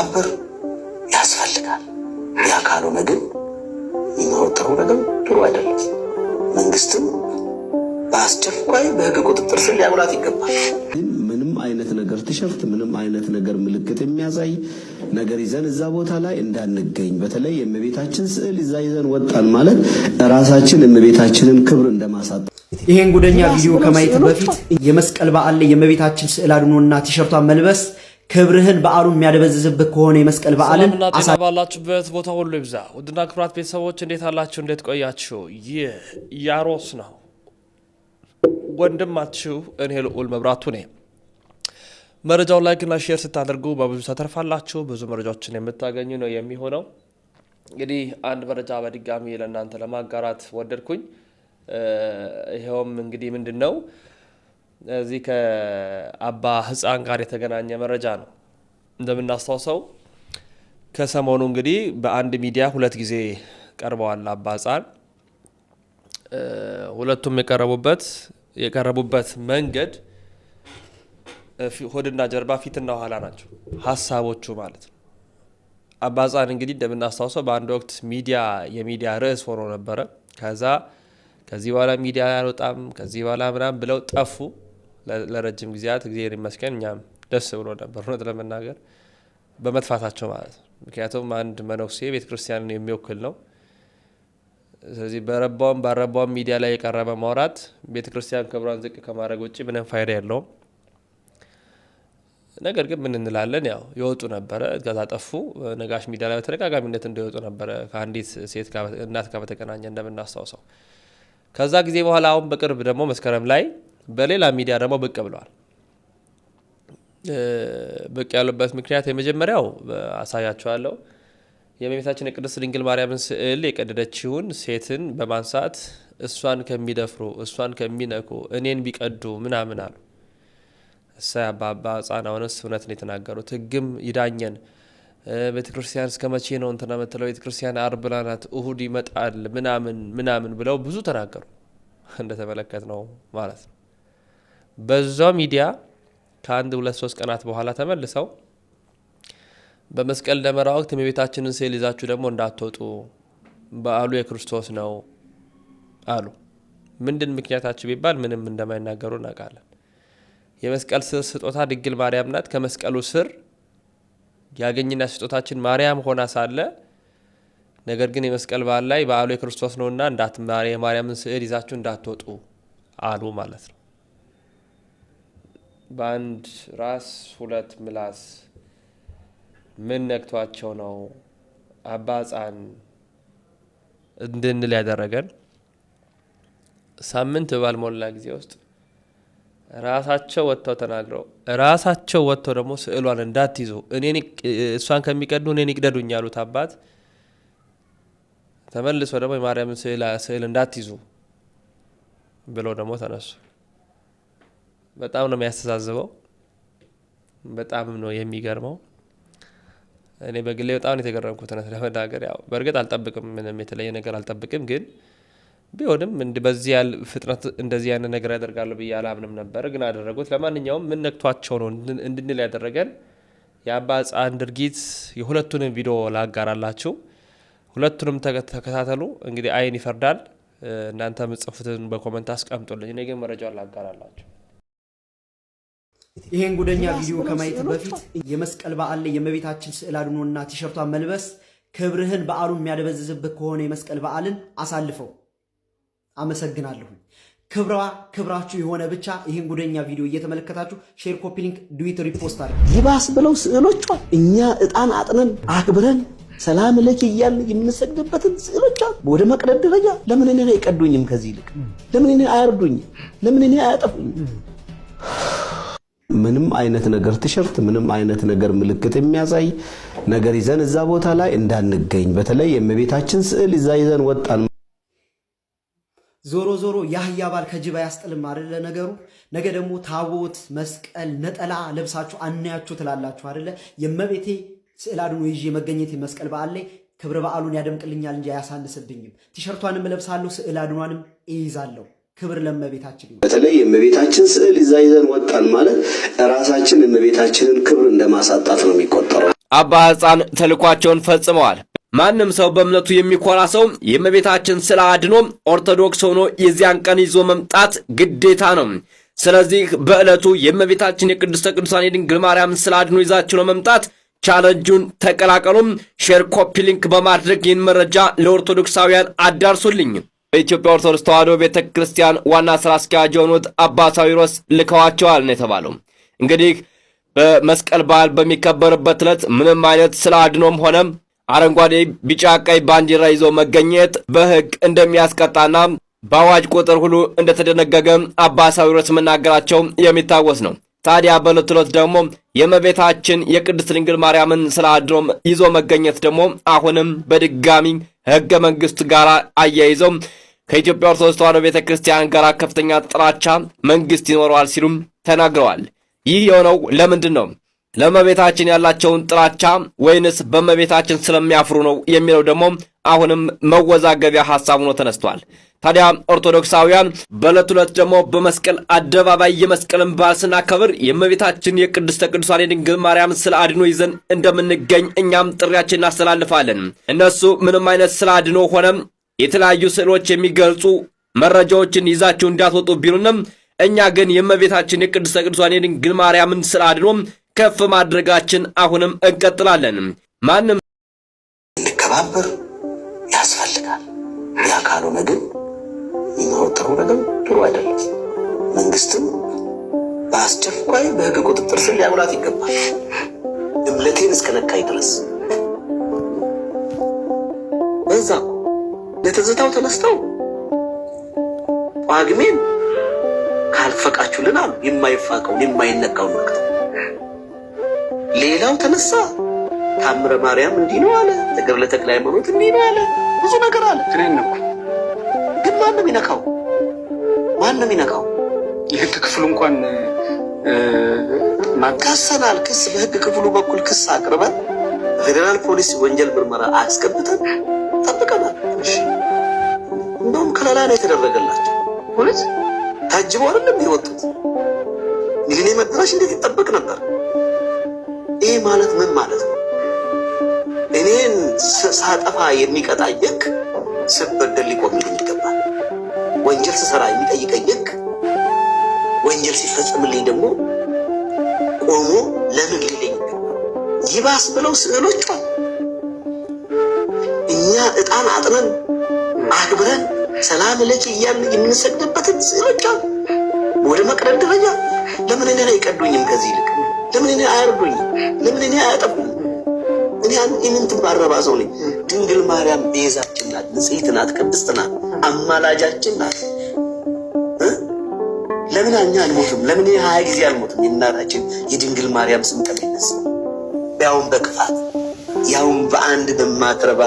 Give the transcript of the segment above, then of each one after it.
እንድንተባበር ያስፈልጋል። ያ ካልሆነ ግን የሚወጥረው ነገር ጥሩ አይደለም። መንግስትም በአስቸኳይ በህግ ቁጥጥር ስር ሊያውላት ይገባል። ምንም አይነት ነገር ቲሸርት፣ ምንም አይነት ነገር ምልክት የሚያሳይ ነገር ይዘን እዛ ቦታ ላይ እንዳንገኝ። በተለይ የእመቤታችን ስዕል ይዛ ይዘን ወጣን ማለት ራሳችን የእመቤታችንን ክብር እንደማሳጣ። ይሄን ጉደኛ ቪዲዮ ከማየት በፊት የመስቀል በዓል ላይ የእመቤታችን ስዕል አድኖና ቲሸርቷን መልበስ ክብርህን በዓሉን የሚያደበዝዝብህ ከሆነ የመስቀል በዓልን ጤና ባላችሁበት ቦታ ሁሉ ይብዛ። ውድና ክብራት ቤተሰቦች እንዴት አላችሁ? እንዴት ቆያችሁ? ይህ ያሮስ ነው፣ ወንድማችሁ እኔ ልዑል መብራቱ ነኝ። መረጃውን ላይክና ሼር ስታደርጉ በብዙ ተተርፋላችሁ፣ ብዙ መረጃዎችን የምታገኙ ነው የሚሆነው። እንግዲህ አንድ መረጃ በድጋሚ ለእናንተ ለማጋራት ወደድኩኝ። ይኸውም እንግዲህ ምንድን ነው እዚህ ከአባ ህፃን ጋር የተገናኘ መረጃ ነው። እንደምናስታውሰው ከሰሞኑ እንግዲህ በአንድ ሚዲያ ሁለት ጊዜ ቀርበዋል አባ ህፃን። ሁለቱም የቀረቡበት የቀረቡበት መንገድ ሆድና ጀርባ፣ ፊትና ኋላ ናቸው ሀሳቦቹ ማለት ነው። አባ ህፃን እንግዲህ እንደምናስታውሰው በአንድ ወቅት ሚዲያ የሚዲያ ርዕስ ሆኖ ነበረ። ከዛ ከዚህ በኋላ ሚዲያ አልወጣም ከዚህ በኋላ ምናምን ብለው ጠፉ። ለረጅም ጊዜያት እግዚአብሔር ይመስገን እኛም ደስ ብሎ ነበር፣ እውነት ለመናገር በመጥፋታቸው ማለት ነው። ምክንያቱም አንድ መነኩሴ ቤተ ክርስቲያንን የሚወክል ነው። ስለዚህ በረባውም ባረባውም ሚዲያ ላይ የቀረበ ማውራት ቤተ ክርስቲያን ክብሯን ዝቅ ከማድረግ ውጭ ምንም ፋይዳ የለውም። ነገር ግን ምን እንላለን? ያው የወጡ ነበረ። ከዛ ጠፉ። ነጋሽ ሚዲያ ላይ በተደጋጋሚነት እንደወጡ ነበረ ከአንዲት ሴት እናት ጋር እንደምናስታውሰው። ከዛ ጊዜ በኋላ አሁን በቅርብ ደግሞ መስከረም ላይ በሌላ ሚዲያ ደግሞ ብቅ ብለዋል። ብቅ ያሉበት ምክንያት የመጀመሪያው አሳያቸዋለሁ የእመቤታችን የቅድስት ድንግል ማርያምን ስዕል የቀደደችውን ሴትን በማንሳት እሷን ከሚደፍሩ እሷን ከሚነኩ እኔን ቢቀዱ ምናምን አሉ። እሳይ አባባ ሕፃን እውነት ነው የተናገሩት። ህግም ይዳኘን ቤተ ክርስቲያን እስከ መቼ ነው እንትና ምትለው? ቤተ ክርስቲያን አርብ ናት፣ እሁድ ይመጣል ምናምን ምናምን ብለው ብዙ ተናገሩ። እንደተመለከት ነው ማለት ነው። በዛው ሚዲያ ከአንድ ሁለት ሶስት ቀናት በኋላ ተመልሰው በመስቀል ደመራ ወቅት የቤታችንን ስዕል ይዛችሁ ደግሞ እንዳትወጡ በዓሉ የክርስቶስ ነው አሉ። ምንድን ምክንያታችሁ ቢባል ምንም እንደማይናገሩ እናውቃለን። የመስቀል ስር ስጦታ ድንግል ማርያም ናት። ከመስቀሉ ስር ያገኝና ስጦታችን ማርያም ሆና ሳለ ነገር ግን የመስቀል በዓል ላይ በዓሉ የክርስቶስ ነውና የማርያምን ስዕል ይዛችሁ እንዳትወጡ አሉ ማለት ነው። በአንድ ራስ ሁለት ምላስ ምን ነክቷቸው ነው አባጻን እንድንል ያደረገን? ሳምንት ባልሞላ ጊዜ ውስጥ ራሳቸው ወጥተው ተናግረው ራሳቸው ወጥተው ደግሞ ስዕሏን እንዳትይዙ እኔን እሷን ከሚቀዱ እኔን ይቅደዱኝ ያሉት አባት ተመልሶ ደግሞ የማርያምን ስዕል እንዳትይዙ ብለው ደግሞ ተነሱ። በጣም ነው የሚያስተሳዝበው። በጣም ነው የሚገርመው። እኔ በግሌ በጣም ነው የተገረምኩት እውነት ለመናገር ያው በእርግጥ አልጠብቅም፣ ምንም የተለየ ነገር አልጠብቅም። ግን ቢሆንም በዚህ ያል ፍጥነት እንደዚህ ያለ ነገር ያደርጋሉ ብዬ አላምንም ነበር፣ ግን አደረጉት። ለማንኛውም ምን ነክቷቸው ነው እንድንል ያደረገን የአባ ሕፃን ድርጊት የሁለቱንም ቪዲዮ ላጋራላችሁ። ሁለቱንም ተከታተሉ። እንግዲህ አይን ይፈርዳል። እናንተ ምጽፉትን በኮመንት አስቀምጡልኝ። እኔ ግን መረጃውን ላጋራላችሁ። ይሄን ጉደኛ ቪዲዮ ከማየት በፊት የመስቀል በዓል ላይ የመቤታችን ስዕል አድኖና ቲሸርቷን መልበስ ክብርህን በዓሉን የሚያደበዝዝብህ ከሆነ የመስቀል በዓልን አሳልፈው። አመሰግናለሁ። ክብራ ክብራችሁ የሆነ ብቻ ይህን ጉደኛ ቪዲዮ እየተመለከታችሁ ሼር፣ ኮፒ ሊንክ፣ ዱዊት፣ ሪፖስት አድርጉ። ይባስ ብለው ስዕሎቿ እኛ እጣን አጥነን አክብረን ሰላም ለኪ እያልን የምንሰግድበትን ስዕሎቿ ወደ መቅደድ ደረጃ ለምን እኔን አይቀዱኝም? ከዚህ ይልቅ ለምን እኔን አያርዱኝም? ለምን እኔን አያጠፉኝም? ምንም አይነት ነገር ቲሸርት፣ ምንም አይነት ነገር ምልክት የሚያሳይ ነገር ይዘን እዛ ቦታ ላይ እንዳንገኝ፣ በተለይ የእመቤታችን ስዕል እዛ ይዘን ወጣን። ዞሮ ዞሮ ያህያ ባል ከጅባ ያስጥልም አይደለ ነገሩ። ነገ ደግሞ ታቦት፣ መስቀል፣ ነጠላ ለብሳችሁ አናያችሁ ትላላችሁ አይደለ? የእመቤቴ ስዕል አድኖ ይዤ መገኘት መስቀል በዓል ላይ ክብረ በዓሉን ያደምቅልኛል እንጂ አያሳንስብኝም። ቲሸርቷንም እለብሳለሁ፣ ስዕል አድኗንም እይዛለሁ። ክብር ለእመቤታችን። በተለይ የእመቤታችን ስዕል ይዛ ይዘን ወጣን ማለት ራሳችን የእመቤታችንን ክብር እንደማሳጣት ነው የሚቆጠረው። አባ ሕፃን ተልኳቸውን ፈጽመዋል። ማንም ሰው በእምነቱ የሚኮራ ሰው የእመቤታችን ስዕል አድኖ ኦርቶዶክስ ሆኖ የዚያን ቀን ይዞ መምጣት ግዴታ ነው። ስለዚህ በዕለቱ የእመቤታችን የቅድስተ ቅዱሳን የድንግል ማርያም ስዕል አድኖ ይዛችሁ ለመምጣት ቻለንጁን ተቀላቀሉም። ሼር፣ ኮፒ ሊንክ በማድረግ ይህን መረጃ ለኦርቶዶክሳውያን አዳርሱልኝ። በኢትዮጵያ ኦርቶዶክስ ተዋሕዶ ቤተ ክርስቲያን ዋና ስራ አስኪያጅ የሆኑት አባ ሳዊሮስ ልከዋቸዋል ነው የተባለው። እንግዲህ በመስቀል በዓል በሚከበርበት ዕለት ምንም አይነት ስለ አድኖም ሆነም አረንጓዴ፣ ቢጫ፣ ቀይ ባንዲራ ይዞ መገኘት በሕግ እንደሚያስቀጣና በአዋጅ ቁጥር ሁሉ እንደተደነገገ አባ ሳዊሮስ መናገራቸው የሚታወስ ነው። ታዲያ በዕለት ዕለት ደግሞ የእመቤታችን የቅድስት ድንግል ማርያምን ስለ አድሮም ይዞ መገኘት ደግሞ አሁንም በድጋሚ ህገ መንግስት ጋር አያይዘው ከኢትዮጵያ ኦርቶዶክስ ተዋሕዶ ቤተ ክርስቲያን ጋር ከፍተኛ ጥላቻ መንግስት ይኖረዋል ሲሉም ተናግረዋል። ይህ የሆነው ለምንድን ነው? ለእመቤታችን ያላቸውን ጥላቻ ወይንስ በእመቤታችን ስለሚያፍሩ ነው የሚለው ደግሞ አሁንም መወዛገቢያ ሀሳብ ሆኖ ተነስቷል። ታዲያ ኦርቶዶክሳውያን በዕለት ሁለት ደግሞ በመስቀል አደባባይ የመስቀልን በዓል ስናከብር የእመቤታችን የቅድስተ ቅዱሳን የድንግል ማርያም ስለ አድኖ ይዘን እንደምንገኝ እኛም ጥሪያችን እናስተላልፋለን። እነሱ ምንም አይነት ስለ አድኖ ሆነም የተለያዩ ስዕሎች የሚገልጹ መረጃዎችን ይዛችሁ እንዳትወጡ ቢሉንም እኛ ግን የእመቤታችን የቅድስተ ቅዱሳን የድንግል ማርያምን ስለ አድኖ ከፍ ማድረጋችን አሁንም እንቀጥላለን። ማንም እንከባበር ያ ካልሆነ ግን የሚወጠረው ነገር ጥሩ አይደለም። መንግስትም በአስቸኳይ በህግ ቁጥጥር ስር ሊያውላት ይገባል። እምነቴን እስከነካኝ ድረስ በዛ ለትዝታው ተነስተው ጳጉሜን ካልፈቃችሁልን አሉ። የማይፋቀውን የማይነካውን ነክተው ሌላው ተነሳ። ታምረ ማርያም እንዲህ ነው አለ፣ ተገድለ ተክለ ሃይማኖት እንዲህ ነው አለ፣ ብዙ ነገር አለ። ትሬን ነው ግን ማን ነው የሚነካው? ማን ነው የሚነካው? የህግ ክፍሉ እንኳን ከሰናል። ክስ በህግ ክፍሉ በኩል ክስ አቅርበን ፌዴራል ፖሊስ ወንጀል ምርመራ አስገብተን ጠብቀናል። እንደውም ከለላ ነው የተደረገላቸው። እውነት ታጅቦ አይደለም የወጡት። የእኔ መድረሽ እንዴት ይጠበቅ ነበር? ይህ ማለት ምን ማለት ነው? እኔን ሳጠፋ የሚቀጣኝ ሕግ ስበደል ሊቆምልኝ ይገባል። ወንጀል ስሰራ የሚጠይቀኝ ሕግ ወንጀል ሲፈጽምልኝ ደግሞ ቆሞ ለምን ሊለኝ ይገባል። ይባስ ብለው ስዕሎቹ እኛ እጣን አጥነን አክብረን ሰላም ለኪ እያልን የምንሰግድበትን ስዕሎች ወደ መቅደድ ደረጃ ለምን እኔን አይቀዱኝም? ከዚህ ይልቅ ለምን እኔን አያርዱኝም? ለምን እኔ አያጠቡም? እኔ ኢምንት ባረባ ሰው ነኝ። ድንግል ማርያም ቤዛችን ናት፣ ንጽሕት ናት፣ ቅድስት ናት፣ አማላጃችን ናት። ለምን እኛ አልሞትም? ለምን ሀያ ጊዜ አልሞትም? የእናታችን የድንግል ማርያም ስም ከሚነሳ ያውም በክፋት ያውም በአንድ በማትረባ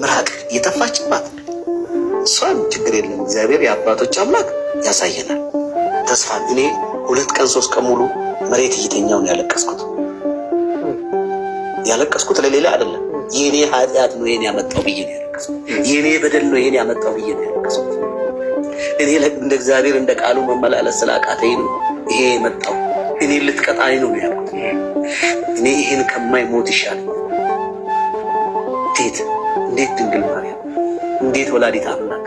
ምራቅ የተፋችባት እሷን ችግር የለም። እግዚአብሔር የአባቶች አምላክ ያሳየናል ተስፋ። እኔ ሁለት ቀን ሶስት ቀን ሙሉ መሬት እየተኛውን ያለቀስኩት ያለቀስኩት ለሌላ አይደለም። የኔ ኃጢአት ነው ይሄን ያመጣው ብዬ ነው ያለቀስኩት። የኔ በደል ነው ይሄን ያመጣው ብዬ ነው ያለቀስኩት። እኔ እንደ እግዚአብሔር እንደ ቃሉ መመላለስ ስላቃተኝ ነው ይሄ የመጣው። እኔ ልትቀጣኝ ነው ያልኩት። እኔ ይሄን ሞት ይሻል። እንዴት እንዴት ድንግል ማርያም፣ እንዴት ወላዲት አምላክ፣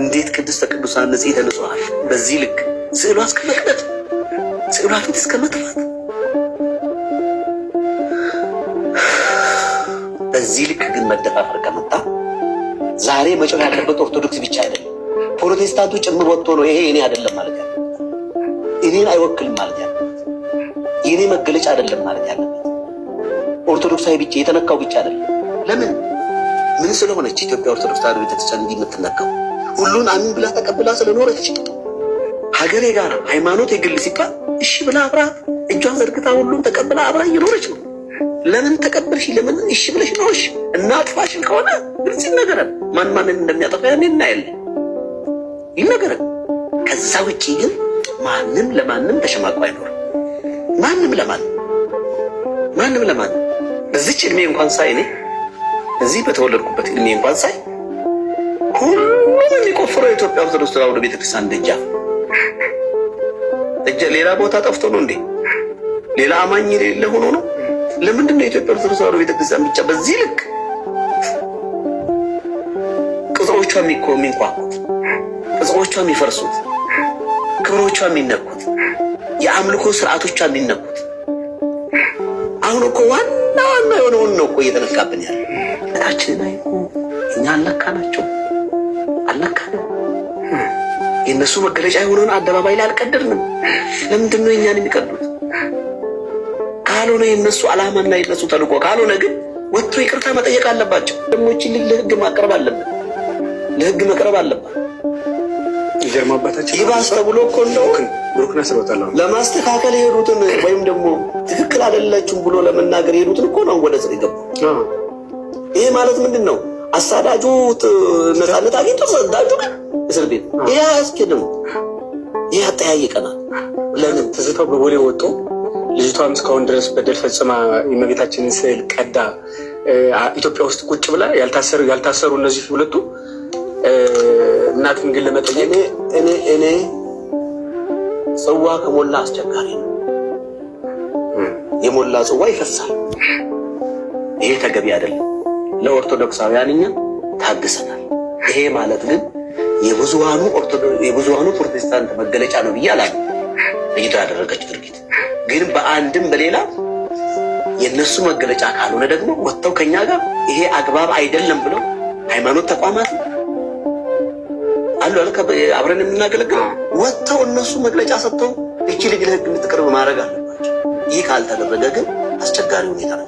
እንዴት ቅድስተ ቅዱሳን ንጽሕተ ንጹሐን በዚህ ልክ ስዕሏ እስከ መቅደድ ስዕሏ ፊት እስከ መጥፋት በዚህ ልክ ግን መደፋፈር ከመጣ ዛሬ መጮህ ያለበት ኦርቶዶክስ ብቻ አይደለም፣ ፕሮቴስታንቱ ጭምር ወጥቶ ነው ይሄ እኔ አይደለም ማለት ያለ እኔን አይወክልም ማለት ያለ የእኔ መገለጫ አይደለም ማለት ያለበት ኦርቶዶክሳዊ ብቻ የተነካው ብቻ አይደለም። ለምን ምን ስለሆነች ኢትዮጵያ ኦርቶዶክስ ተዋህዶ ቤተክርስቲያን እንዲህ የምትነካው ሁሉን አሚን ብላ ተቀብላ ስለኖረች ሀገሬ ጋር ሃይማኖት የግል ሲባል እሺ ብላ አብራ እጇን ዘርግታ ሁሉም ተቀብላ አብራ እየኖረች ነው። ለምን ተቀበልሽ? ለምን እሺ ብለሽ ነውሽ? እና አጥፋሽን ከሆነ ግልጽ ይነገረን። ማን ማንን እንደሚያጠፋ ያኔ እናያለን፣ ይነገረን። ከዛ ውጪ ግን ማንም ለማንም ተሸማቆ አይኖርም። ማንም ለማን ማንም ለማን እዚች እድሜ እንኳን ሳይ እኔ እዚህ በተወለድኩበት እድሜ እንኳን ሳይ ሁሉም የሚቆፍረው የኢትዮጵያ ኦርቶዶክስ ተዋሕዶ ቤተክርስቲያን ደጃፍ ሌላ ቦታ ጠፍቶ ነው እንዴ? ሌላ አማኝ የሌለ ሆኖ ነው ለምንድን ነው የኢትዮጵያ ኦርቶዶክስ ተዋህዶ ቤተክርስቲያን ብቻ በዚህ ልክ ቅጽሮቿ የሚንኳኩት፣ ቅጽሮቿ የሚፈርሱት፣ ክብሮቿ የሚነኩት፣ የአምልኮ ስርዓቶቿ የሚነኩት? አሁን እኮ ዋና ዋና የሆነውን ነው እኮ እየተነካብን ያለ ታችን ላይ እኛ አለካ ናቸው አለካ ነው የእነሱ መገለጫ የሆነውን አደባባይ ላይ አልቀደርንም። ለምንድን ነው እኛን የሚቀዱት? ካልሆነ የነሱ አላማና የነሱ ተልእኮ ካልሆነ ግን ወጥቶ ይቅርታ መጠየቅ አለባቸው። ደሞችን ልጅ ለህግ ማቅረብ አለብን፣ ለህግ መቅረብ አለባት። ይባስ ተብሎ እኮ እንደው ለማስተካከል የሄዱትን ወይም ደግሞ ትክክል አይደለችም ብሎ ለመናገር የሄዱትን እኮ ነው ወደ ስር የገባው። ይሄ ማለት ምንድን ነው? አሳዳጁ ነፃነት አግኝቶ ሰዳጁ ግን እስር ቤት። ይህ አያስኬድም፣ ይህ አጠያይቀናል። ለምን ትዝታው በቦሌ ወጥቶ ልጅቷም እስካሁን ድረስ በደል ፈጽማ የእመቤታችንን ስዕል ቀዳ ኢትዮጵያ ውስጥ ቁጭ ብላ ያልታሰሩ እነዚህ ሁለቱ እናትን ግን ለመጠየቅ እኔ እኔ ጽዋ ከሞላ አስቸጋሪ ነው። የሞላ ጽዋ ይፈሳል። ይሄ ተገቢ አይደለም። ለኦርቶዶክሳውያን እኛ ታግሰናል። ይሄ ማለት ግን የብዙሃኑ ፕሮቴስታንት መገለጫ ነው ብዬ አላለ ልጅቷ ያደረገች ድርጊት ግን በአንድም በሌላ የእነሱ መገለጫ ካልሆነ ደግሞ ወጥተው ከኛ ጋር ይሄ አግባብ አይደለም ብለው ሃይማኖት ተቋማት አሉ አብረን የምናገለግለው ወጥተው እነሱ መግለጫ ሰጥተው እቺ ልጅ ለህግ የምትቀርብ ማድረግ አለባቸው። ይህ ካልተደረገ ግን አስቸጋሪ ሁኔታ ነው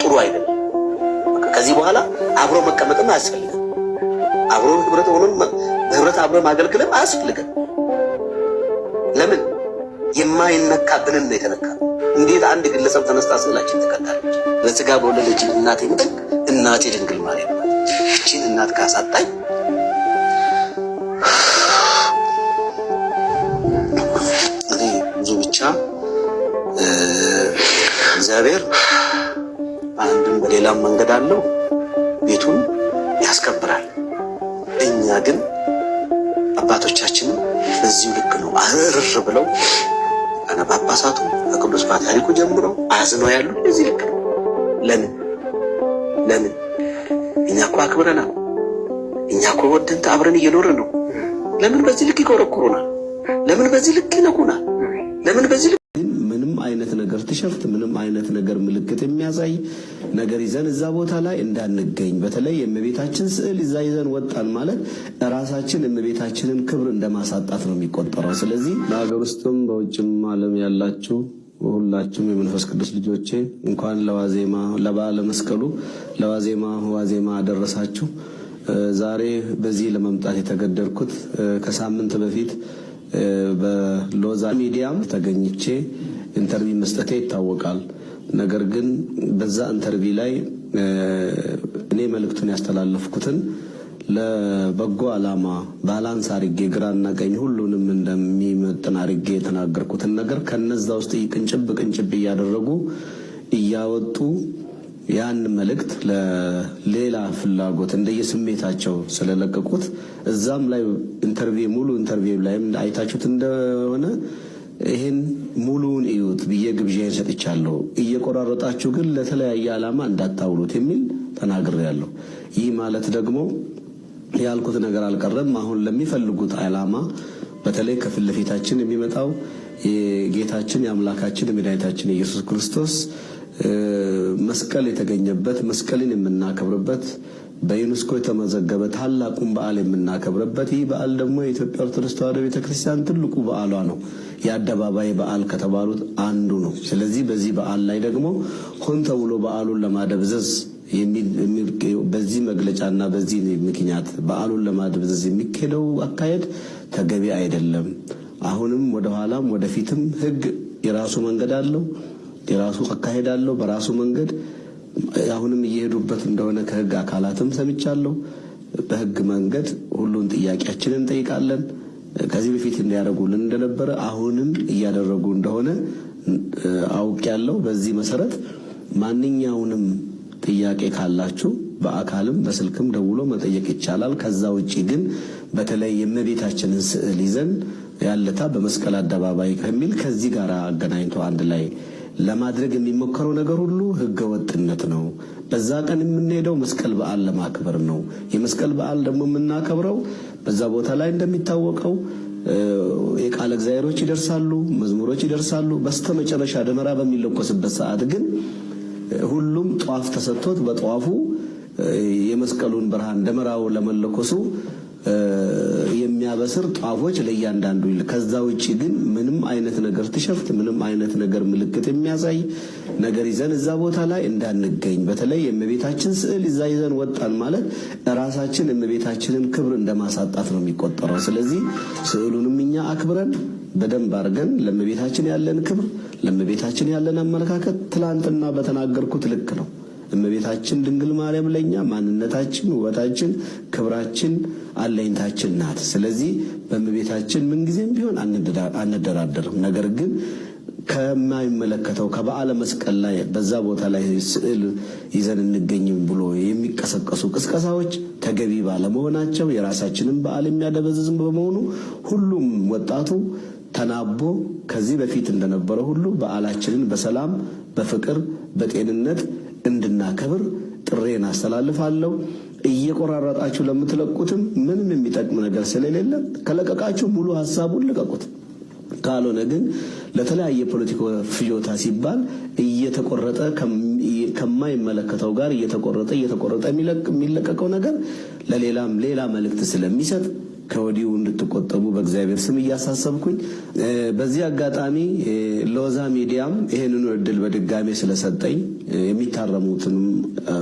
ጥሩ አይደለም። ከዚህ በኋላ አብሮ መቀመጥም አያስፈልግም። አብሮ ህብረት ሆኖ ህብረት አብረ ማገልገልም አያስፈልግም። የማይነካብንን ነው የተነካ። እንዴት አንድ ግለሰብ ተነስታ ስዕላችን ተከታለች? በስጋ በወለደች እናቴ ምጥቅ እናቴ ድንግል ማርያም እችን እናት ካሳጣኝ ብዙ ብቻ እግዚአብሔር በአንድም በሌላም መንገድ አለው ቤቱን ያስከብራል። እኛ ግን አባቶቻችንም በዚሁ ልክ ነው አርር ብለው ሊቃነ ጳጳሳቱ ከቅዱስ ፓትርያርኩ ጀምሮ አዝኖ ያሉ እዚህ ልክ ነው። ለምን ለምን እኛ እኮ አክብረናል። እኛ እኮ ወደን አብረን እየኖርን ነው። ለምን በዚህ ልክ ይኮረኩሩናል? ለምን በዚህ ልክ ይነኩናል? ለምን በዚህ አይነት ነገር ቲሸርት፣ ምንም አይነት ነገር ምልክት የሚያሳይ ነገር ይዘን እዛ ቦታ ላይ እንዳንገኝ። በተለይ የእመቤታችን ስዕል ይዛ ይዘን ወጣን ማለት ራሳችን የእመቤታችንን ክብር እንደማሳጣት ነው የሚቆጠረው። ስለዚህ በሀገር ውስጥም በውጭም ዓለም ያላችሁ ሁላችሁም የመንፈስ ቅዱስ ልጆቼ እንኳን ለዋዜማ ለበዓለ መስቀሉ ለዋዜማ ዋዜማ አደረሳችሁ። ዛሬ በዚህ ለመምጣት የተገደድኩት ከሳምንት በፊት በሎዛ ሚዲያም ተገኝቼ ኢንተርቪ መስጠቴ ይታወቃል። ነገር ግን በዛ ኢንተርቪ ላይ እኔ መልእክቱን ያስተላለፍኩትን ለበጎ ዓላማ ባላንስ አርጌ ግራና ቀኝ ሁሉንም እንደሚመጥን አርጌ የተናገርኩትን ነገር ከነዛ ውስጥ ቅንጭብ ቅንጭብ እያደረጉ እያወጡ ያን መልእክት ለሌላ ፍላጎት እንደየስሜታቸው ስለለቀቁት እዛም ላይ ኢንተርቪ ሙሉ ኢንተርቪ ላይም አይታችሁት እንደሆነ ይህን ሙሉውን እዩት ብዬ ግብዣዬን ሰጥቻለሁ። እየቆራረጣችሁ ግን ለተለያየ ዓላማ እንዳታውሉት የሚል ተናግሬያለሁ። ይህ ማለት ደግሞ ያልኩት ነገር አልቀረም። አሁን ለሚፈልጉት ዓላማ በተለይ ከፊት ለፊታችን የሚመጣው የጌታችን የአምላካችን የመድኃኒታችን የኢየሱስ ክርስቶስ መስቀል የተገኘበት መስቀልን የምናከብርበት በዩኔስኮ የተመዘገበ ታላቁን በዓል የምናከብርበት ይህ በዓል ደግሞ የኢትዮጵያ ኦርቶዶክስ ተዋሕዶ ቤተክርስቲያን ትልቁ በዓሏ ነው። የአደባባይ በዓል ከተባሉት አንዱ ነው። ስለዚህ በዚህ በዓል ላይ ደግሞ ሆን ተብሎ በዓሉን ለማደብዘዝ በዚህ መግለጫና በዚህ ምክንያት በዓሉን ለማደብዘዝ የሚካሄደው አካሄድ ተገቢ አይደለም። አሁንም ወደኋላም ወደፊትም ሕግ የራሱ መንገድ አለው። የራሱ አካሄድ አለው በራሱ መንገድ አሁንም እየሄዱበት እንደሆነ ከህግ አካላትም ሰምቻለሁ። በህግ መንገድ ሁሉን ጥያቄያችንን እንጠይቃለን። ከዚህ በፊት እንዲያደርጉልን እንደነበረ አሁንም እያደረጉ እንደሆነ አውቄያለሁ። በዚህ መሰረት ማንኛውንም ጥያቄ ካላችሁ በአካልም በስልክም ደውሎ መጠየቅ ይቻላል። ከዛ ውጭ ግን በተለይ የእመቤታችንን ስዕል ይዘን ያለታ በመስቀል አደባባይ ከሚል ከዚህ ጋር አገናኝቶ አንድ ላይ ለማድረግ የሚሞከረው ነገር ሁሉ ህገ ወጥነት ነው። በዛ ቀን የምንሄደው መስቀል በዓል ለማክበር ነው። የመስቀል በዓል ደግሞ የምናከብረው በዛ ቦታ ላይ እንደሚታወቀው የቃለ እግዚአብሔሮች ይደርሳሉ፣ መዝሙሮች ይደርሳሉ። በስተመጨረሻ ደመራ በሚለኮስበት ሰዓት ግን ሁሉም ጧፍ ተሰጥቶት በጠዋፉ የመስቀሉን ብርሃን ደመራው ለመለኮሱ በስር ጧፎች ለእያንዳንዱ ይል። ከዛ ውጭ ግን ምንም አይነት ነገር ትሸፍት፣ ምንም አይነት ነገር ምልክት የሚያሳይ ነገር ይዘን እዛ ቦታ ላይ እንዳንገኝ። በተለይ የእመቤታችን ስዕል እዛ ይዘን ወጣን ማለት ራሳችን የእመቤታችንን ክብር እንደማሳጣት ነው የሚቆጠረው። ስለዚህ ስዕሉንም እኛ አክብረን በደንብ አድርገን ለእመቤታችን ያለን ክብር፣ ለእመቤታችን ያለን አመለካከት ትላንትና በተናገርኩት ልክ ነው። እመቤታችን ድንግል ማርያም ለእኛ ማንነታችን፣ ውበታችን፣ ክብራችን አለኝታችን ናት። ስለዚህ በእመቤታችን ምንጊዜም ቢሆን አንደራደርም። ነገር ግን ከማይመለከተው ከበዓለ መስቀል ላይ በዛ ቦታ ላይ ስዕል ይዘን እንገኝም ብሎ የሚቀሰቀሱ ቅስቀሳዎች ተገቢ ባለመሆናቸው የራሳችንን በዓል የሚያደበዝዝም በመሆኑ ሁሉም ወጣቱ ተናቦ ከዚህ በፊት እንደነበረ ሁሉ በዓላችንን በሰላም በፍቅር፣ በጤንነት እንድናከብር ጥሬን አስተላልፋለሁ። እየቆራረጣችሁ ለምትለቁትም ምንም የሚጠቅም ነገር ስለሌለ ከለቀቃችሁ ሙሉ ሀሳቡን ልቀቁት። ካልሆነ ግን ለተለያየ ፖለቲካ ፍጆታ ሲባል እየተቆረጠ ከማይመለከተው ጋር እየተቆረጠ እየተቆረጠ የሚለቀቀው ነገር ለሌላም ሌላ መልእክት ስለሚሰጥ ከወዲሁ እንድትቆጠቡ በእግዚአብሔር ስም እያሳሰብኩኝ በዚህ አጋጣሚ ሎዛ ሚዲያም ይህንኑ እድል በድጋሜ ስለሰጠኝ የሚታረሙትንም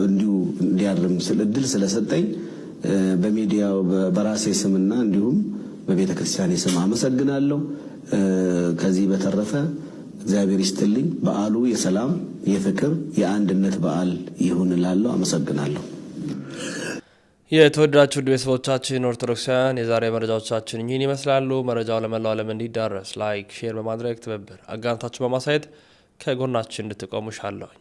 እንዲሁ እንዲያርም እድል ስለሰጠኝ በሚዲያው በራሴ ስምና እንዲሁም በቤተ ክርስቲያኔ ስም አመሰግናለሁ። ከዚህ በተረፈ እግዚአብሔር ይስጥልኝ። በዓሉ የሰላም የፍቅር፣ የአንድነት በዓል ይሁን እላለሁ። አመሰግናለሁ። የተወደዳችሁ ውድ ቤተሰቦቻችን ኦርቶዶክሳውያን የዛሬ መረጃዎቻችን እኚህን ይመስላሉ። መረጃው ለመላው ዓለም እንዲዳረስ ላይክ፣ ሼር በማድረግ ትብብር አጋንታችሁ በማሳየት ከጎናችን እንድትቆሙ ሻለሁኝ።